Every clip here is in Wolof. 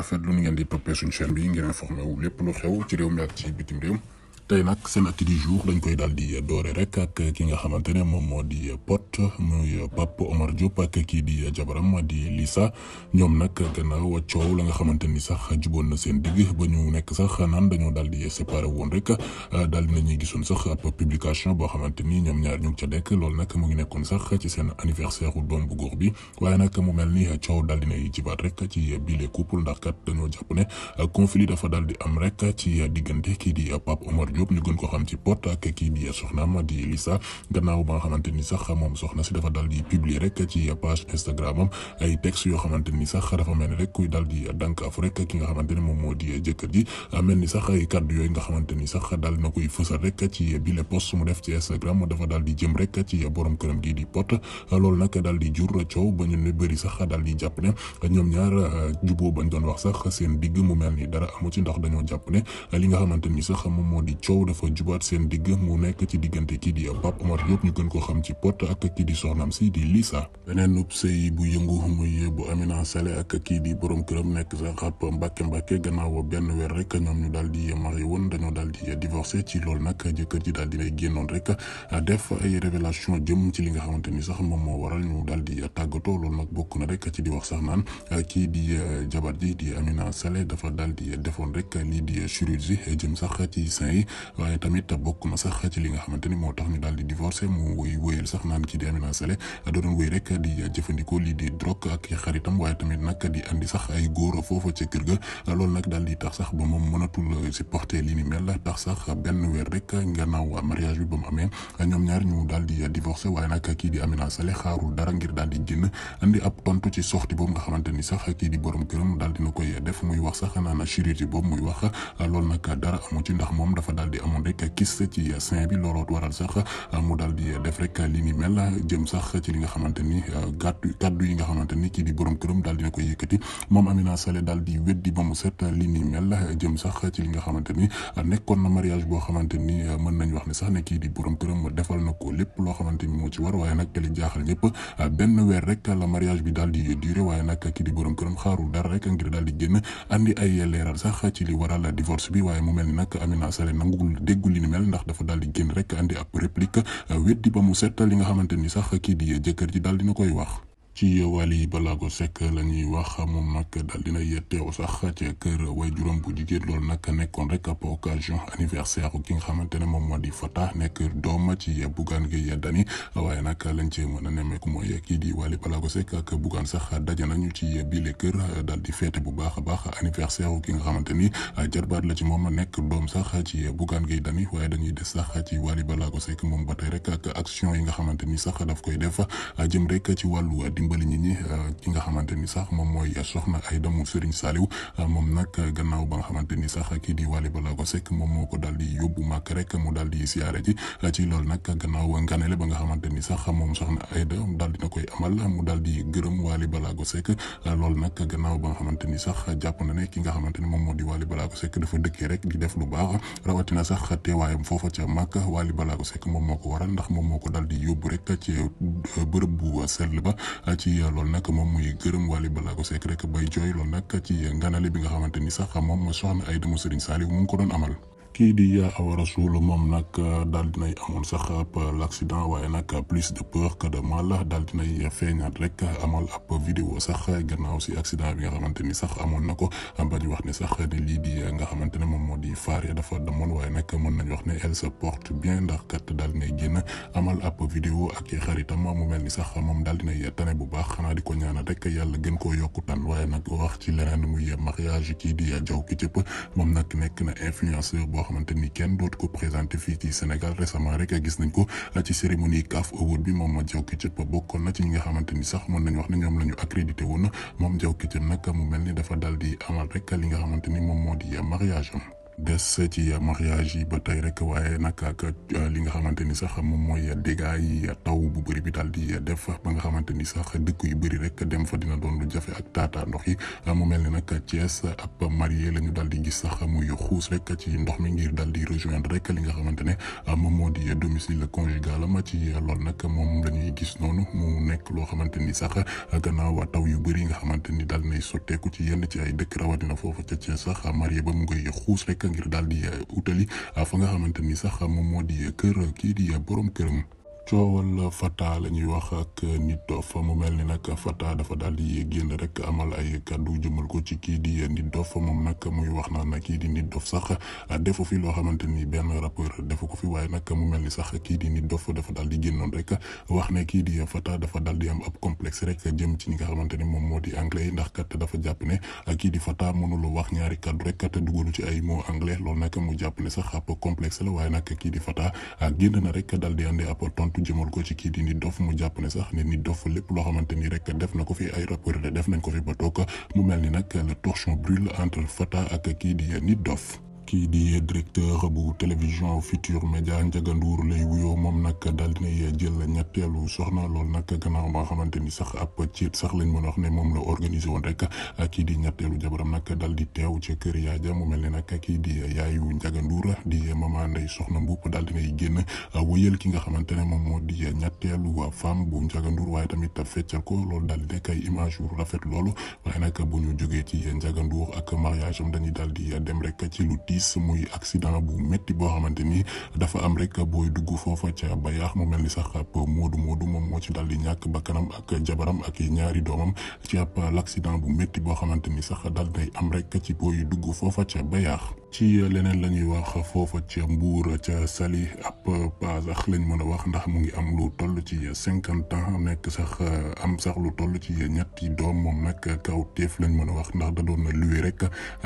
rafet lu ngeen di toppee suñu chaîne bi ngeen informé wu lépp lu xew ci réew mi ak ci bitim réew tey nag seen actu du jour dañ koy daal di doore rek ak ki nga xamante ne moom moo di Pod muy Pape Omar Diop ak kii di jabaram di Lisa ñoom nag gannaaw coow la nga xamante ni sax juboon na seen digg ba ñu nekk sax naan dañoo dal di séparé woon rek daal di nañuy gisoon sax ab publication boo xamante ni ñoom ñaar ñu ngi ca dekk loolu nag mu ngi nekkoon sax ci seen anniversaire u doom bu góor bi waaye nag mu mel ni coow dal di nay jibaat rek ci bile couple ndax kat dañoo jàpp ne conflit dafa daal di am rek ci diggante kii di Pape Omar Diop Diop ñu gën ko xam ci pot ak kii di soxnaam di Lisa gannaaw ba nga xamante ni sax moom soxna si dafa dal di a rek ci page Instagram am ay texte yoo xamante ni sax dafa mel ni rek kuy dal di dànkaafu rek ki nga xamante ni moom moo di jëkkër ji mel ni sax ay kàddu yooyu nga xamante sax dal na koy fësal rek ci bile post mu def ci Instagram dafa dal di jëm rek ci borom këram gii di pot loolu nag dal di jur coow ba ñu euh, doon wax sax seen digg mu mel ni dara amu ci ndax dañoo jàpp ne li nga xamante sax moom moo di Sow dafa jubaat seen digg mu nekk ci diggante kii di Pape Omar ñu gën ko xam ci Pod ak kii di soxnaam si di Lisa beneen sëy bu yëngu muy bu Amina Sale ak kii di borom këram nekk sa xap Mbàkke Mbàkke gannaaw benn weer rek ñoom ñu daal di marié woon dañoo daal di divorcé ci loolu nag jëkkër ji daal dinay génnoon rek def ay révélation jëm ci li nga xamante ni sax moom moo waral ñu daal di tàggatoo loolu nag bokk na rek ci di wax sax naan kii di jabar ji di Amina Sale dafa daal di defoon rek lii di chirurgie jëm sax ci sein yi waaye tamit bokk na sax ci li nga xamante ni moo tax ñu daal di divorcé mu woy woyal sax naan kii di Amina Sele da doon woy rek di jëfandikoo lii di drogue ak xaritam waaye tamit di andi sax ay góor foofa ca kër ga loolu nag daal di tax sax ba moom mënatul supporter li ni mel tax sax benn weer rek gannaaw mariage bi ba mu amee ñoom ñaar ñu daal di divorcé waaye nag kii di Amina Sele xaarul dara ngir daal di génn andi ab tontu ci sortie boobu nga xamante ni sax kii di borom këram daal dina koy def muy wax a naan chirurgie boobu muy wax loolu nag dara amu ci ndax moom dafa daal di amoon rek kis ci sein bi looloot waral sax mu daal di def rek li ni mel jëm sax ci li nga xamante ni euh, gàttu kàddu yi nga xamante ni kii di borom këram daal dina ko yëkkati moom Amina Sale daal di weddi ba mu li ni mel jëm sax ci li nga xamante ni nekkoon na mariage boo xamante nii euh, mën nañ wax ne sax ne kii di borom këram defal na ko lépp loo xamante ni moo ci war waaye nag li jaaxal ñëpp euh, benn weer rek la mariage bi daal di waaye waaye nag kii di borom këram xaarul dara rek ngir daal di génn andi ay leeral sax ci li waral divorce bi waaye mu mel ni nag Amina Sale nag nangul déggul li ni mel ndax dafa daal di génn rek andi ab réplique weddi ba mu set li nga xamante ni sax kii di jëkkër ji daal dina koy wax ci Wally Ballago Seck la ñuy wax moom nag daal dina yetteew sax ca kër way juróom bu jigéen loolu nag nekkoon rek ab occasion anniversaire ki nga xamante ne moom moo di Fata nekk doom ci Bougane Gueye Dany waaye nag lañ cee mën a nemmeeku mooy kii di Wally Ballago Seck ak Bougane sax daje nañu ci bile kër daal di feete bu baax a baax anniversaire ki nga xamante ni jarbaat la ci moom nekk doom sax ci Bougane Gueye Dany waaye dañuy des sax ci Wally Ballago Seck moom ba tey rek ak action yi nga xamante ni sax daf koy def jëm rek ci wàllu dimbali nit ñi euh, ki nga xamante ni sax moom mooy soxna ay doomu Serigne saaliw euh, moom nag euh, gannaaw ba nga xamante ni sax kii di Wally Ballago Seck moom moo ko daal di yóbbu màkk rek mu daal di siyaare ji ci loolu nag gannaaw nganale ba nga xamante ni sax moom soxna Aida daal dina koy amal mu daal di gërëm Wally Ballago Seck loolu nag gannaaw ba nga xamante ni sax jàpp na ne ki nga xamante ni moom moo di Wally Ballago Seck dafa dëkkee rek di def lu baax rawatina sax teewaayam foofa ca màkk Wally Ballago Seck moom moo ko waral ndax moom moo ko daal di yóbbu rek ci bërëb bu sell ba ci loolu nag moom muy gërëm Wally Ballago Seck rek bay jooy loolu nag ci nganale bi nga xamante ni sax moom soxna Aïda mu Serigne Saliou mu ngi ko doon amal kii di yaa awa rasul moom nag euh, daal dinay amoon sax ab euh, l' accident waaye nag plus de peur que de mal daal dinay feeñaat rek amal ab vidéo sax gannaaw si accident bi xamante ni sax amoon na ko wax ne sax ne nga xamante ne moom moo di faar ya dafa demoon waaye nag mën nañu wax ne elle se porte bien ndax kat daal dinay génn amal ab vidéo ak mu mel ni sax moom daal nay tane bu baax xanaa di ko ñaanal rek yàlla gën koo yokku tan waaye nag wax ci leneen muy mariage kii di jaw ki moom nag nekk na influenceur boo xamante ni ko présenté fii ci Sénégal récemment rek gis nañ ko ci cérémonie CAF Award bi mom Madiaw Ketchup ba bokkoon na ci ñi nga xamante sax mën nañ wax ni ñoom la ñu accrédité won mom Madiaw Ketchup nak mu melni dafa daldi di amal rek li nga xamanteni mom modi mariage des ci mariage yi ba tey rek waaye nag euh, li nga xamante ni sax moom mooy dégâts yi taw bu bëri bi daal di def ba nga xamante ni sax dëkk yu bëri rek dem fa dina doon lu jafe ndox yi mu mel ni nag Thiès ab marié la ñu daal di gis sax muy xuus rek ci ndox mi ngir daal di rejoindre rek li nga xamante ne moom moo di domicile conjugal ma ci loolu moom la ñuy gis noonu nekk loo xamante ni sax gannaaw taw yu bëri nga xamante ni daal nay sotteeku ci yenn ci ay dëkk rawatina foofu ca Thiès sax ngir daal di eh, utali ah, fa nga xamante ni sax moom moo di kër kii di eh, borom këram. coowal fata lañuy wax ak nit dof mu mel ni nag fata dafa daal di génn rek amal ay kaddu jëmal ko ci kii di nit dof moom nag muy wax na nag kii di nit dof sax defu fi loo xamante ni benn rappeur defu ko fi waaye nag mu mel ni sax kii di nit dof dafa daal di génnoon rek wax ne ki di fata dafa daal di am ab complexe rek jëm ci ñi nga xamante ni moom di anglais ndax kat dafa jàpp ne di fata mënul wax ñaari kaddu rek te dugalu ci ay mot anglais loolu nag mu jàpp ne sax ab complexe la di fata génn na rek daal di andi ab jëmal ko ci kii di nit dof mu jàpp ne sax ne nit dof lepp lo xamanteni rek def nako fi ay rappeur def nañ ko fi ba mu melni nak le torchon brûle entre Fata ak kii di nit dof kii di directeur bu télévision Futur Média Ndiaga Ndour lay wuyoo moom nag daal dinay jël la ñetteelu soxna loolu nag gannaaw ba nga xamante ni sax ab ciit sax lañ mën a wax ne moom la organiser woon rek kii di ñetteelu jabaram nag dal di teew ci kër yaay ja mu mel ne nag kii di yaayu Ndiaga Ndour di mama Ndeye Soxna Mboup daal dinay génn wëyal ki nga xamante ne moom moo di ñetteelu femme bu Ndiaga waaye tamit feccal ko loolu daal di nekk ay image yu rafet loolu waaye nag bu ñu jógee ci Ndiaga Ndour ak mariage dañuy daal di dem rek su muy accident bu métti boo xamante ni dafa am rek booy dugg foofa ca bayaax mu mel ni sax ab moodu moodu moom moo ci dal di ñàkk bakkanam ak jabaram ak ñaari doomam ci ab l'accident bu métti boo xamante ni sax dal day am rek ci booy dugg foofa ca yaax ci leneen la ñuy wax foofa ca Mbour ca Saly ab paasax lañ mën a wax ndax mu ngi am lu toll ci cinquante ans nekk sax am sax lu toll ci ñetti doom moom nag kaw teef lañ mën a wax ndax da doon luwe rek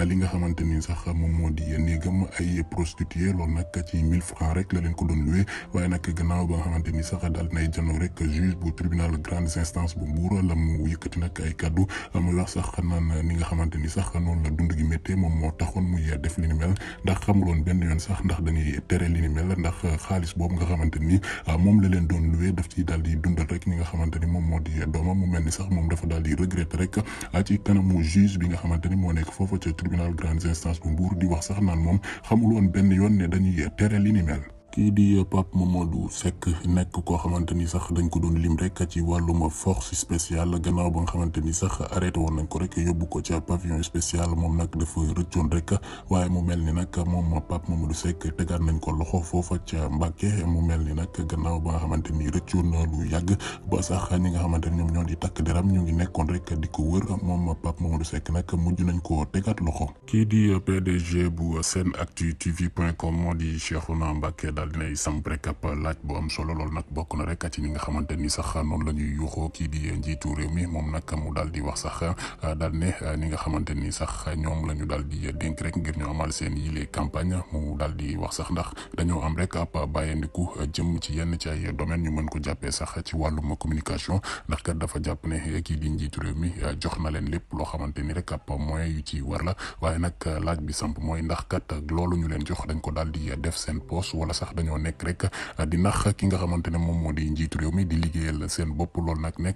li nga xamante ni sax moom moo di néegam ay prostituée loolu nag ci mille francs rek la leen ko doon luwe waaye nag gannaaw ba nga xamante ni sax daal nay janoo rek juge bu tribunal grande instance bu Mbour la mu yëkkati nag ay kaddu muy wax sax ni nga xamante ni sax noonu la dund gi méttee moom moo taxoon muy def ni mel ndax xamuloon benn yoon sax ndax dañuy tere li ni mel ndax euh, xaalis boobu nga xamante ni euh, moom la leen doon loué daf ci daal di dundal rek ñi nga xamante ni moom moo di doomam mu mel ni sax moom dafa daal di regretté rek euh, ci kanamu juge bi nga xamante ni moo nekk foofu ca tribunal grande instance bu Mbour di wax sax naan moom xamuloon benn yoon ne dañuy tere lini mel ki di pap Mamadou Seck nek ko xamanteni sax dañ ko doon lim rek ci wàllum force spéciale gannaaw ba nga xamante sax arrêté won nañ ko rek yobbu ko ci pavillon spécial mom nak dafa rëccoon rek waye mu melni nak mom moom Pape Mamadou Seck tegaat nañ ko loxo foofa ci Mbàkke mu melni nak nag gannaaw ba nga xamante ni na lu yàgg ba sax ñi nga xamanteni ñom ñoo di tak deram ñu ngi nekkon rek di ko wër moom Pape Mamadou Seck nag mujj nañ ko tegaat loxo. ki di PDG bu sen actu tv.com com moo di Cheikhouna Mbacké daal dinay samp rek ab laaj bu am solo loolu na rek ci ñi nga xamante ni sax noonu la ñuy yuuxoo kii di njiitu réew moom nag mu daal di wax sax ah, daal ne ah, ñi nga xamante ni sax ñoom la daal di dénk rek ngir ñu amal seen yile campagne mu daal di wax sax ndax dañoo am rek ab bàyyandiku jëm ci yenn ci ay domaine ñu mën ko jàppee sax ci wàllum communication ndax kat dafa jàpp ne kii di njiitu réew mi ah, jox na leen lépp loo xamante ni rek ab moyen yu ci war la waaye nag laaj bi samp mooy ndax kat loolu ñu leen jox dañ ko daal di def seen poste wala sax ndax dañoo nekk rek di nax ki nga xamante moom moo di njiitu mi di liggéeyal seen bopp loolu nag ni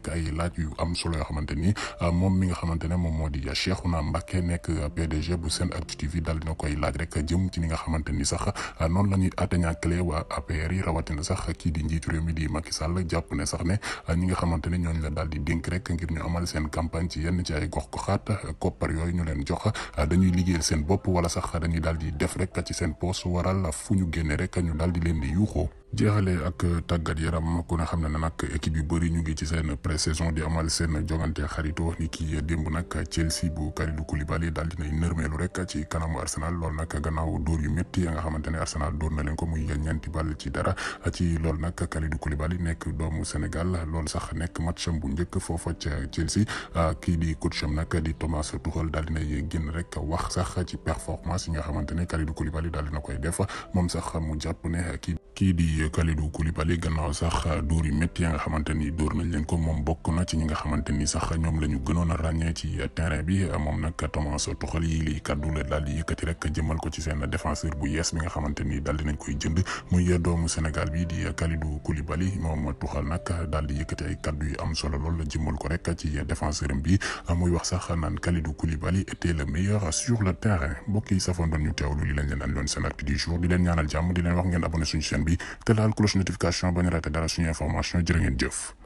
ah, moom mi nga xamante ne moom moo di Cheikhouna Mbacké nekk PDG bu SENactu TV daal dina koy laaj rek jëm ah, la ñuy attaquer di njiitu réew mi di Macky Sall jàpp ne ne ah, ñi nga la daal di dénk rek ngir ñu amal seen campagne ci yenn ci ay gox goxaat koppar yooyu ñu leen jox dañuy liggéeyal seen bopp wala sax dañuy daal di def rek ci seen poste waral fu ñu génne rek ñu daal 远离诱惑。jeexale ak tàggat yaram ku ne xam ne nag équipe yu bëri ñu ngi ci seen pré-saison di amal seen jongante xaritoo ni ki démb nag Chelsea bu Kalidou Koulibaly daal dinay nërmeelu rek ci kanamu Arsenal loolu nag gannaaw dóor yu métti ya nga xamante ne Arsenal dóor na leen ko muy ñeenti bal ci dara ci loolu nag Kalidou Koulibaly nekk doomu Sénégal loolu sax nekk matcham bu njëkk foofa ca Chelsea kii di coacham nag di Thomas Tuchel daal dinay génn rek wax sax ci performance yi nga xamante ne Kalidou Koulibaly daal dina koy defa moom sax mu jàpp ne kii kii di di Kalidou Koulibaly gannaaw sax dóor yu métti ya xamante ni dóor nañ leen ko moom bokk na ci ñi nga xamante ni sax ñoom la ñu gënoon a ràññee ci terrain bi moom nag Thomas Tuchel yi liy kaddu la daal di yëkkati rek jëmal ko ci seen défenseur bu yees bi nga xamante ni daal dinañ koy jënd muy doomu Sénégal bi di Kalidou di yëkkati ay kaddu yu am solo lool jëmal ko rek ci défenseur bi muy wax sax naan Kalidou Koulibaly était le meilleur sur le terrain mbokk yi safoon doon ñu teewlu li lañ leen daan loon seen acte jour di leen ñaanal jàmm di leen wax ngeen abonné suñu chaîne bi te laal cloche notification ba ñu raté suñu information jërë ngeen